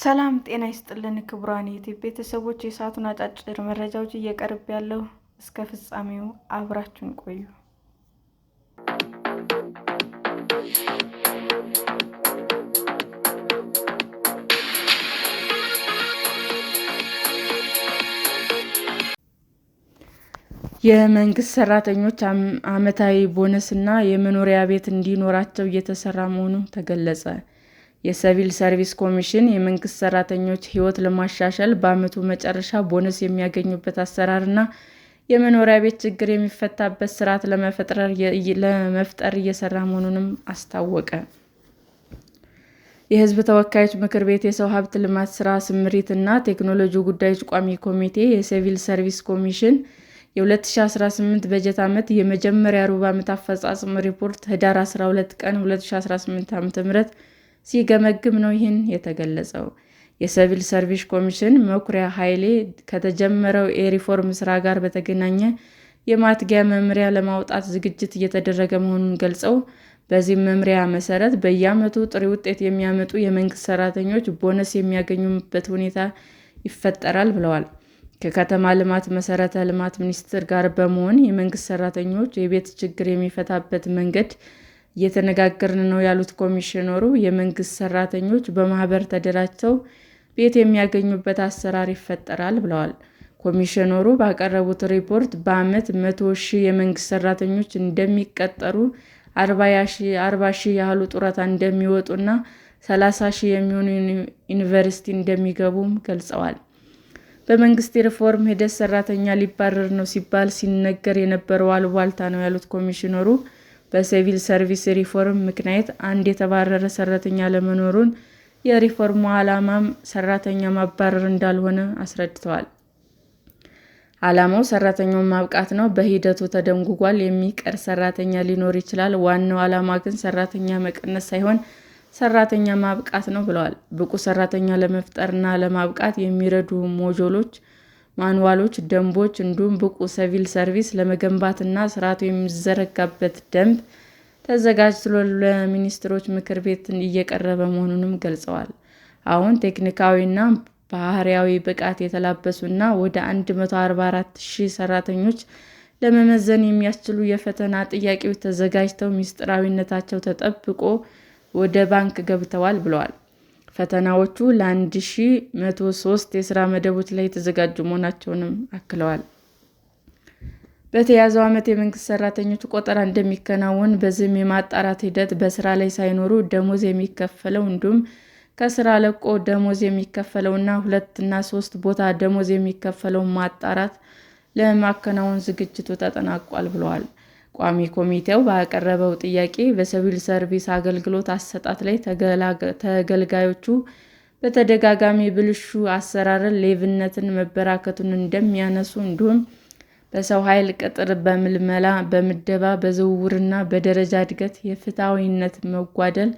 ሰላም ጤና ይስጥልን ክቡራን ዩቲ ቤተሰቦች፣ የሰዓቱን አጫጭር መረጃዎች እየቀርብ ያለው እስከ ፍጻሜው አብራችን ቆዩ። የመንግስት ሰራተኞች አመታዊ ቦነስ እና የመኖሪያ ቤት እንዲኖራቸው እየተሰራ መሆኑ ተገለጸ። የሲቪል ሰርቪስ ኮሚሽን የመንግስት ሰራተኞች ህይወት ለማሻሻል በአመቱ መጨረሻ ቦነስ የሚያገኙበት አሰራር እና የመኖሪያ ቤት ችግር የሚፈታበት ስርዓት ለመፍጠር እየሰራ መሆኑንም አስታወቀ። የህዝብ ተወካዮች ምክር ቤት የሰው ሀብት ልማት ስራ ስምሪት እና ቴክኖሎጂ ጉዳዮች ቋሚ ኮሚቴ የሲቪል ሰርቪስ ኮሚሽን የ2018 በጀት ዓመት የመጀመሪያ ሩብ ዓመት አፈጻጸም ሪፖርት ህዳር 12 ቀን 2018 ዓ.ም ሲገመግም ነው ይህን የተገለጸው። የሲቪል ሰርቪስ ኮሚሽን መኩሪያ ኃይሌ ከተጀመረው የሪፎርም ሥራ ጋር በተገናኘ የማትጊያ መምሪያ ለማውጣት ዝግጅት እየተደረገ መሆኑን ገልጸው፣ በዚህም መምሪያ መሰረት በየዓመቱ ጥሩ ውጤት የሚያመጡ የመንግሥት ሠራተኞች ቦነስ የሚያገኙበት ሁኔታ ይፈጠራል ብለዋል። ከከተማ ልማት መሰረተ ልማት ሚኒስቴር ጋር በመሆን የመንግስት ሰራተኞች የቤት ችግር የሚፈታበት መንገድ እየተነጋገርን ነው ያሉት ኮሚሽነሩ፣ የመንግስት ሰራተኞች በማህበር ተደራጅተው ቤት የሚያገኙበት አሰራር ይፈጠራል ብለዋል። ኮሚሽነሩ ባቀረቡት ሪፖርት በዓመት መቶ ሺህ የመንግስት ሰራተኞች እንደሚቀጠሩ፣ አርባ ሺህ ያህሉ ጡረታ እንደሚወጡና ሰላሳ ሺህ የሚሆኑ ዩኒቨርሲቲ እንደሚገቡም ገልጸዋል። በመንግስት የሪፎርም ሂደት ሰራተኛ ሊባረር ነው ሲባል ሲነገር የነበረው አሉባልታ ነው ያሉት ኮሚሽነሩ፣ በሲቪል ሰርቪስ ሪፎርም ምክንያት አንድ የተባረረ ሰራተኛ ለመኖሩን የሪፎርሙ ዓላማም ሰራተኛ ማባረር እንዳልሆነ አስረድተዋል። ዓላማው ሰራተኛውን ማብቃት ነው። በሂደቱ ተደንጉጓል፣ የሚቀር ሰራተኛ ሊኖር ይችላል። ዋናው ዓላማ ግን ሰራተኛ መቀነስ ሳይሆን ሰራተኛ ማብቃት ነው ብለዋል። ብቁ ሰራተኛ ለመፍጠርና ለማብቃት የሚረዱ ሞጆሎች፣ ማንዋሎች፣ ደንቦች እንዲሁም ብቁ ሲቪል ሰርቪስ ለመገንባትና ስርዓቱ የሚዘረጋበት ደንብ ተዘጋጅቶ ለሚኒስትሮች ምክር ቤት እየቀረበ መሆኑንም ገልጸዋል። አሁን ቴክኒካዊና ባህሪያዊ ብቃት የተላበሱና ወደ 144,000 ሰራተኞች ለመመዘን የሚያስችሉ የፈተና ጥያቄዎች ተዘጋጅተው ምስጢራዊነታቸው ተጠብቆ ወደ ባንክ ገብተዋል ብለዋል። ፈተናዎቹ ለ1103 የስራ መደቦች ላይ የተዘጋጁ መሆናቸውንም አክለዋል። በተያዘው ዓመት የመንግስት ሰራተኞች ቆጠራ እንደሚከናወን በዚህም የማጣራት ሂደት በስራ ላይ ሳይኖሩ ደሞዝ የሚከፈለው እንዲሁም ከስራ ለቆ ደሞዝ የሚከፈለው የሚከፈለውና ሁለትና ሶስት ቦታ ደሞዝ የሚከፈለው ማጣራት ለማከናወን ዝግጅቱ ተጠናቋል ብለዋል። ቋሚ ኮሚቴው ባቀረበው ጥያቄ በሲቪል ሰርቪስ አገልግሎት አሰጣጥ ላይ ተገልጋዮቹ በተደጋጋሚ ብልሹ አሰራርን፣ ሌብነትን መበራከቱን እንደሚያነሱ እንዲሁም በሰው ኃይል ቅጥር፣ በምልመላ፣ በምደባ፣ በዝውውርና በደረጃ እድገት የፍትሐዊነት መጓደል፣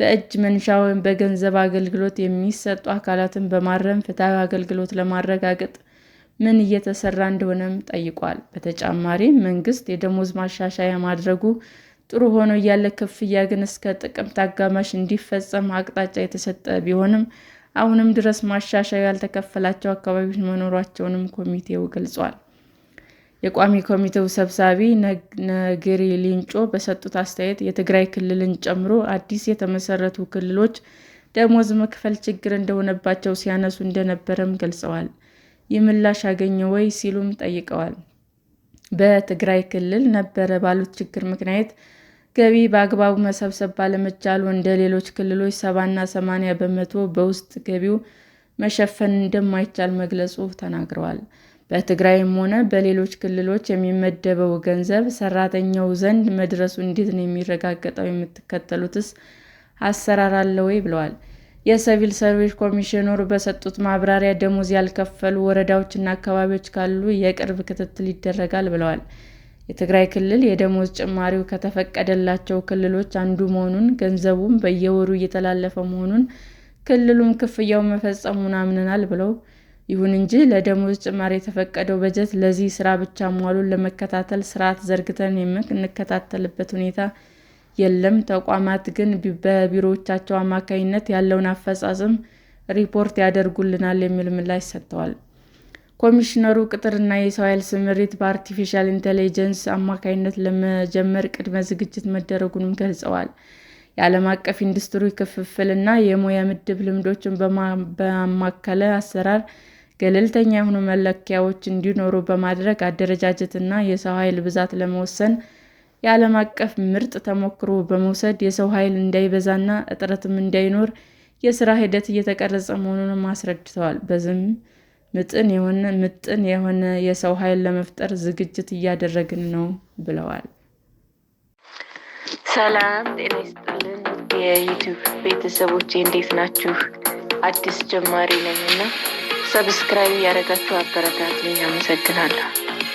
በእጅ መንሻ ወይም በገንዘብ አገልግሎት የሚሰጡ አካላትን በማረም ፍትሐዊ አገልግሎት ለማረጋገጥ ምን እየተሰራ እንደሆነም ጠይቋል። በተጨማሪም መንግስት የደሞዝ ማሻሻያ ማድረጉ ጥሩ ሆኖ እያለ ክፍያ ግን እስከ ጥቅምት አጋማሽ እንዲፈጸም አቅጣጫ የተሰጠ ቢሆንም አሁንም ድረስ ማሻሻያ ያልተከፈላቸው አካባቢዎች መኖራቸውንም ኮሚቴው ገልጿል። የቋሚ ኮሚቴው ሰብሳቢ ነገሪ ሌንጮ በሰጡት አስተያየት የትግራይ ክልልን ጨምሮ አዲስ የተመሰረቱ ክልሎች ደሞዝ መክፈል ችግር እንደሆነባቸው ሲያነሱ እንደነበረም ገልጸዋል። ይምላሽ ምላሽ አገኘ ወይ ሲሉም ጠይቀዋል። በትግራይ ክልል ነበረ ባሉት ችግር ምክንያት ገቢ በአግባቡ መሰብሰብ ባለመቻሉ እንደ ሌሎች ክልሎች ሰባና ሰማንያ በመቶ በውስጥ ገቢው መሸፈን እንደማይቻል መግለጹ ተናግረዋል። በትግራይም ሆነ በሌሎች ክልሎች የሚመደበው ገንዘብ ሰራተኛው ዘንድ መድረሱ እንዴት ነው የሚረጋገጠው? የምትከተሉትስ አሰራር አለ ወይ? ብለዋል። የሲቪል ሰርቪስ ኮሚሽነሩ በሰጡት ማብራሪያ ደሞዝ ያልከፈሉ ወረዳዎችና አካባቢዎች ካሉ የቅርብ ክትትል ይደረጋል ብለዋል። የትግራይ ክልል የደሞዝ ጭማሪው ከተፈቀደላቸው ክልሎች አንዱ መሆኑን፣ ገንዘቡም በየወሩ እየተላለፈ መሆኑን፣ ክልሉም ክፍያው መፈጸሙን አምነናል ብለው ይሁን እንጂ ለደሞዝ ጭማሪ የተፈቀደው በጀት ለዚህ ስራ ብቻ መዋሉን ለመከታተል ስርዓት ዘርግተን የምንከታተልበት ሁኔታ የለም። ተቋማት ግን በቢሮዎቻቸው አማካኝነት ያለውን አፈጻጸም ሪፖርት ያደርጉልናል የሚል ምላሽ ሰጥተዋል። ኮሚሽነሩ ቅጥርና የሰው ኃይል ስምሪት በአርቲፊሻል ኢንተለጀንስ አማካኝነት ለመጀመር ቅድመ ዝግጅት መደረጉንም ገልጸዋል። የዓለም አቀፍ ኢንዱስትሪ ክፍፍልና የሙያ ምድብ ልምዶችን በማማከለ አሰራር ገለልተኛ የሆኑ መለኪያዎች እንዲኖሩ በማድረግ አደረጃጀትና የሰው ኃይል ብዛት ለመወሰን የዓለም አቀፍ ምርጥ ተሞክሮ በመውሰድ የሰው ኃይል እንዳይበዛና እጥረትም እንዳይኖር የሥራ ሂደት እየተቀረጸ መሆኑንም አስረድተዋል። በዚህም ምጥን የሆነ የሰው ኃይል ለመፍጠር ዝግጅት እያደረግን ነው ብለዋል። ሰላም ጤና ይስጥልን የዩቱብ ቤተሰቦች እንዴት ናችሁ? አዲስ ጀማሪ ነኝ እና ሰብስክራይብ ያደረጋችሁ አበረታት አመሰግናለሁ።